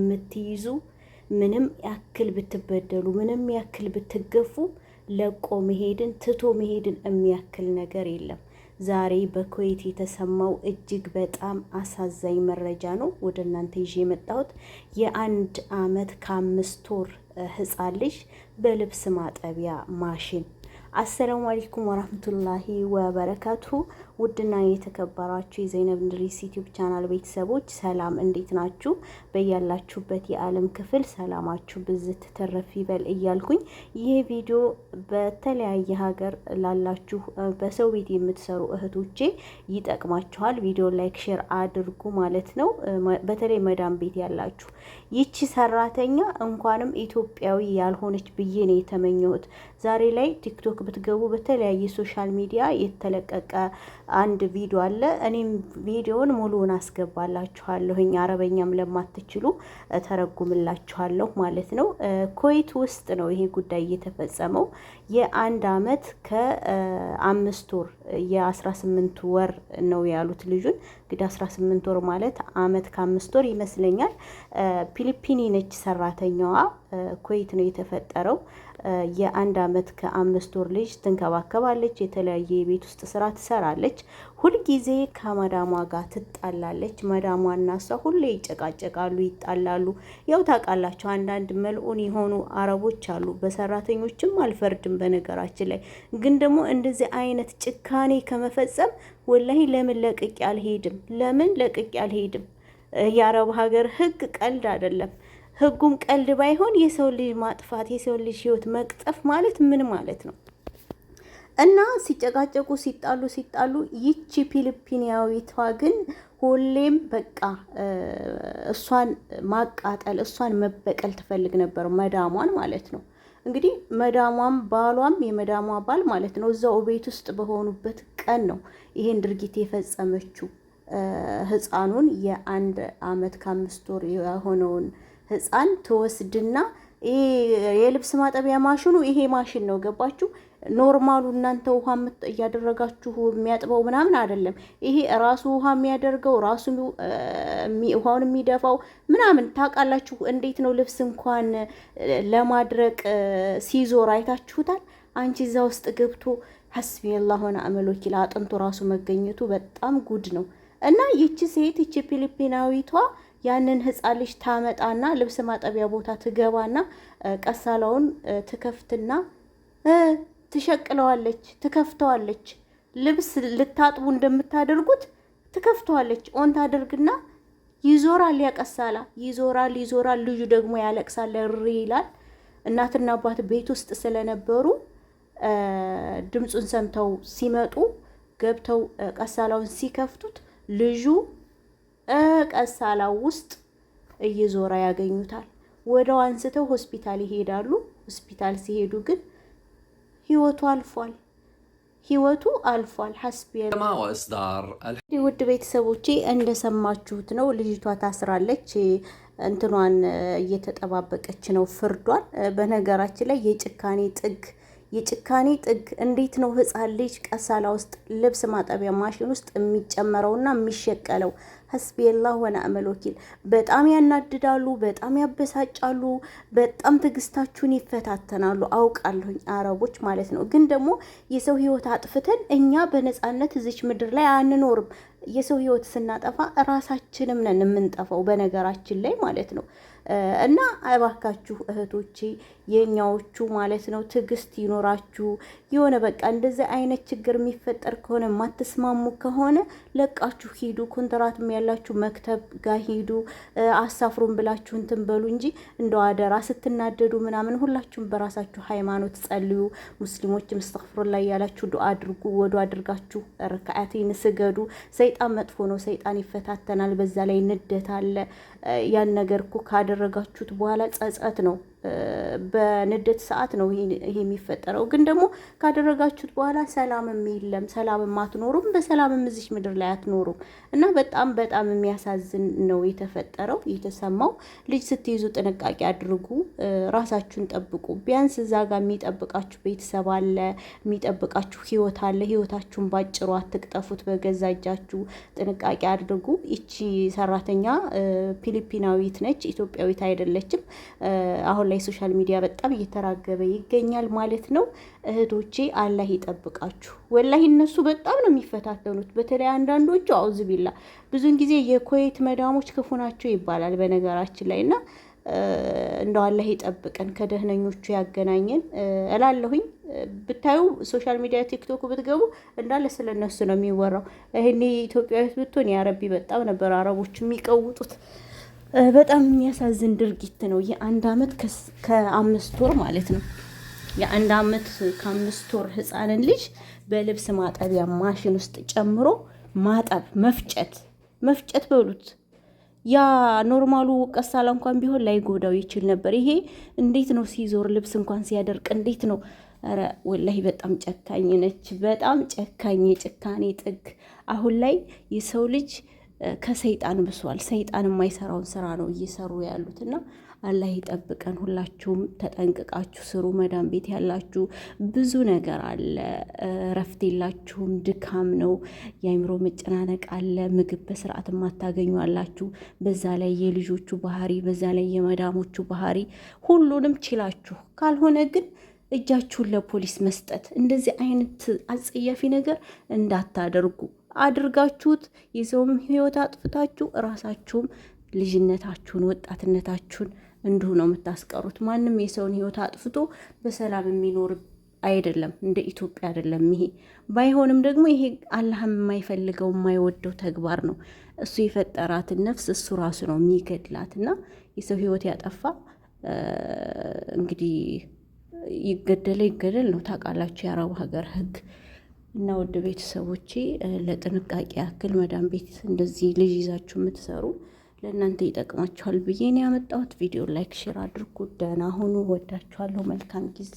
የምትይዙ ምንም ያክል ብትበደሉ፣ ምንም ያክል ብትገፉ ለቆ መሄድን ትቶ መሄድን የሚያክል ነገር የለም። ዛሬ በኩዌት የተሰማው እጅግ በጣም አሳዛኝ መረጃ ነው ወደ እናንተ ይዤ የመጣሁት የአንድ አመት ከአምስት ወር ህፃን ልጅ በልብስ ማጠቢያ ማሽን። አሰላሙ አለይኩም ወራህመቱላሂ ወበረካቱ ውድና የተከበራችሁ የዘይነብ እንድሪስ ዩቲዩብ ቻናል ቤተሰቦች ሰላም፣ እንዴት ናችሁ? በያላችሁበት የዓለም ክፍል ሰላማችሁ ብዝት ተረፍ ይበል እያልኩኝ ይህ ቪዲዮ በተለያየ ሀገር ላላችሁ በሰው ቤት የምትሰሩ እህቶቼ ይጠቅማችኋል። ቪዲዮ ላይክ፣ ሼር አድርጉ ማለት ነው። በተለይ መዳም ቤት ያላችሁ ይቺ ሰራተኛ እንኳንም ኢትዮጵያዊ ያልሆነች ብዬ ነው የተመኘሁት። ዛሬ ላይ ቲክቶክ ብትገቡ በተለያየ ሶሻል ሚዲያ የተለቀቀ አንድ ቪዲዮ አለ። እኔም ቪዲዮውን ሙሉውን አስገባላችኋለሁኝ አረበኛም ለማትችሉ ተረጉምላችኋለሁ ማለት ነው። ኮይት ውስጥ ነው ይሄ ጉዳይ እየተፈጸመው የአንድ አመት ከአምስት ወር የአስራ ስምንት ወር ነው ያሉት ልጁን እንግዲህ አስራ ስምንት ወር ማለት አመት ከአምስት ወር ይመስለኛል። ፊሊፒኒ ነች ሰራተኛዋ። ኮይት ነው የተፈጠረው። የአንድ አመት ከአምስት ወር ልጅ ትንከባከባለች። የተለያየ የቤት ውስጥ ስራ ትሰራለች። ሁልጊዜ ከመዳሟ ጋር ትጣላለች። መዳሟ እናሷ ሁሌ ይጨቃጨቃሉ፣ ይጣላሉ። ያው ታውቃላቸው አንዳንድ መልዑን የሆኑ አረቦች አሉ። በሰራተኞችም አልፈርድም። በነገራችን ላይ ግን ደግሞ እንደዚህ አይነት ጭካኔ ከመፈጸም ወላሂ ለምን ለቅቄ አልሄድም? ለምን ለቅቄ አልሄድም? የአረብ ሀገር ህግ ቀልድ አይደለም። ህጉም ቀልድ ባይሆን የሰው ልጅ ማጥፋት የሰው ልጅ ህይወት መቅጠፍ ማለት ምን ማለት ነው? እና ሲጨቃጨቁ ሲጣሉ ሲጣሉ ይቺ ፊልፒንያዊቷ ግን ሁሌም በቃ እሷን ማቃጠል እሷን መበቀል ትፈልግ ነበር፣ መዳሟን ማለት ነው። እንግዲህ መዳሟም ባሏም የመዳሟ ባል ማለት ነው እዛው ቤት ውስጥ በሆኑበት ቀን ነው ይሄን ድርጊት የፈጸመችው። ህፃኑን የአንድ አመት ከአምስት ወር የሆነውን ህፃን ትወስድና የልብስ ማጠቢያ ማሽኑ ይሄ ማሽን ነው። ገባችሁ? ኖርማሉ እናንተ ውሃ እያደረጋችሁ የሚያጥበው ምናምን አይደለም። ይሄ ራሱ ውሃ የሚያደርገው ራሱ ውሃውን የሚደፋው ምናምን ታውቃላችሁ። እንዴት ነው ልብስ እንኳን ለማድረቅ ሲዞር አይታችሁታል። አንቺ እዛ ውስጥ ገብቶ ሀስቢ ላ ሆነ አመሎኪ ለአጥንቱ ራሱ መገኘቱ በጣም ጉድ ነው። እና ይቺ ሴት ይቺ ፊሊፒናዊቷ ያንን ህፃን ልጅ ታመጣና ልብስ ማጠቢያ ቦታ ትገባና ቀሳላውን ትከፍትና ትሸቅለዋለች፣ ትከፍተዋለች። ልብስ ልታጥቡ እንደምታደርጉት ትከፍተዋለች። ኦን ታደርግና ይዞራል፣ ያቀሳላ ይዞራል፣ ይዞራል። ልጁ ደግሞ ያለቅሳል፣ እሪ ይላል። እናትና አባት ቤት ውስጥ ስለነበሩ ድምፁን ሰምተው ሲመጡ ገብተው ቀሳላውን ሲከፍቱት ልጁ ቀሳላ ውስጥ እየዞራ ያገኙታል። ወደው አንስተው ሆስፒታል ይሄዳሉ። ሆስፒታል ሲሄዱ ግን ህይወቱ አልፏል። ህይወቱ አልፏል። ሀስቢ ውድ ቤተሰቦቼ እንደሰማችሁት ነው። ልጅቷ ታስራለች። እንትኗን እየተጠባበቀች ነው ፍርዷን። በነገራችን ላይ የጭካኔ ጥግ የጭካኔ ጥግ እንዴት ነው ህፃን ልጅ ቀሳላ ውስጥ ልብስ ማጠቢያ ማሽን ውስጥ የሚጨመረውና የሚሸቀለው? ሐስቢየላህ ወነዕመል ወኪል። በጣም ያናድዳሉ፣ በጣም ያበሳጫሉ፣ በጣም ትዕግስታችሁን ይፈታተናሉ። አውቃለሁኝ አረቦች ማለት ነው። ግን ደግሞ የሰው ህይወት አጥፍተን እኛ በነፃነት እዚች ምድር ላይ አንኖርም። የሰው ህይወት ስናጠፋ ራሳችንም ነን የምንጠፋው፣ በነገራችን ላይ ማለት ነው። እና እባካችሁ እህቶቼ የኛዎቹ ማለት ነው ትዕግስት ይኖራችሁ። የሆነ በቃ እንደዚህ አይነት ችግር የሚፈጠር ከሆነ የማትስማሙ ከሆነ ለቃችሁ ሂዱ። ኮንትራትም ያላችሁ መክተብ ጋር ሂዱ። አሳፍሩን ብላችሁ እንትን በሉ እንጂ እንደ አደራ ስትናደዱ ምናምን ሁላችሁም በራሳችሁ ሃይማኖት ጸልዩ። ሙስሊሞች ሙስሊሞችም ላይ ያላችሁ ዱአ አድርጉ። ወዱ አድርጋችሁ ርካአቴን ስገዱ። ሰይጣን መጥፎ ነው። ሰይጣን ይፈታተናል። በዛ ላይ ንደት አለ። ያን ነገር እኮ ካደረጋችሁት በኋላ ጸጸት ነው በንዴት ሰዓት ነው ይሄ የሚፈጠረው። ግን ደግሞ ካደረጋችሁት በኋላ ሰላምም የለም፣ ሰላምም አትኖሩም፣ በሰላምም እዚች ምድር ላይ አትኖሩም እና በጣም በጣም የሚያሳዝን ነው የተፈጠረው የተሰማው። ልጅ ስትይዙ ጥንቃቄ አድርጉ፣ ራሳችሁን ጠብቁ። ቢያንስ እዛ ጋር የሚጠብቃችሁ ቤተሰብ አለ፣ የሚጠብቃችሁ ህይወት አለ። ህይወታችሁን ባጭሩ አትቅጠፉት፣ በገዛ እጃችሁ ጥንቃቄ አድርጉ። ይቺ ሰራተኛ ፊሊፒናዊት ነች፣ ኢትዮጵያዊት አይደለችም አሁን አሁን ላይ ሶሻል ሚዲያ በጣም እየተራገበ ይገኛል ማለት ነው። እህቶቼ አላህ ይጠብቃችሁ። ወላሂ እነሱ በጣም ነው የሚፈታተኑት። በተለይ አንዳንዶቹ አውዝ ቢላ ብዙን ጊዜ የኮየት መዳሞች ክፉ ናቸው ይባላል በነገራችን ላይ እና እንደው አላህ ይጠብቀን ከደህነኞቹ ያገናኘን እላለሁኝ። ብታዩ ሶሻል ሚዲያ ቲክቶክ ብትገቡ እንዳለ ስለ እነሱ ነው የሚወራው። ይህኔ ኢትዮጵያዊት ብትሆን ያ በጣም ነበር አረቦች የሚቀውጡት። በጣም የሚያሳዝን ድርጊት ነው። የአንድ አመት ከአምስት ወር ማለት ነው። የአንድ አመት ከአምስት ወር ህፃንን ልጅ በልብስ ማጠቢያ ማሽን ውስጥ ጨምሮ ማጠብ፣ መፍጨት መፍጨት በሉት። ያ ኖርማሉ ቀሳላ እንኳን ቢሆን ላይጎዳው ይችል ነበር። ይሄ እንዴት ነው ሲዞር ልብስ እንኳን ሲያደርቅ እንዴት ነው? ኧረ ወላሂ በጣም ጨካኝ ነች። በጣም ጨካኝ የጭካኔ ጥግ አሁን ላይ የሰው ልጅ ከሰይጣን ብሷል። ሰይጣን የማይሰራውን ስራ ነው እየሰሩ ያሉት እና አላህ ይጠብቀን። ሁላችሁም ተጠንቅቃችሁ ስሩ። መዳን ቤት ያላችሁ ብዙ ነገር አለ። እረፍት የላችሁም፣ ድካም ነው፣ የአይምሮ መጨናነቅ አለ። ምግብ በስርዓት የማታገኙ አላችሁ። በዛ ላይ የልጆቹ ባህሪ፣ በዛ ላይ የመዳሞቹ ባህሪ፣ ሁሉንም ችላችሁ ካልሆነ ግን እጃችሁን ለፖሊስ መስጠት እንደዚህ አይነት አጸያፊ ነገር እንዳታደርጉ አድርጋችሁት የሰውም ህይወት አጥፍታችሁ እራሳችሁም ልጅነታችሁን ወጣትነታችሁን እንዲሁ ነው የምታስቀሩት። ማንም የሰውን ህይወት አጥፍቶ በሰላም የሚኖር አይደለም፣ እንደ ኢትዮጵያ አይደለም። ይሄ ባይሆንም ደግሞ ይሄ አላህም የማይፈልገው የማይወደው ተግባር ነው። እሱ የፈጠራትን ነፍስ እሱ ራሱ ነው የሚገድላት እና የሰው ህይወት ያጠፋ እንግዲህ ይገደለ ይገደል ነው። ታውቃላችሁ የአረቡ ሀገር ህግ እና ውድ ቤተሰቦቼ ለጥንቃቄ ያክል መዳም ቤት እንደዚህ ልጅ ይዛችሁ የምትሰሩ ለእናንተ ይጠቅማችኋል ብዬ ነው ያመጣሁት። ቪዲዮ ላይክ፣ ሼር አድርጉ። ደህና ሁኑ። ወዳችኋለሁ። መልካም ጊዜ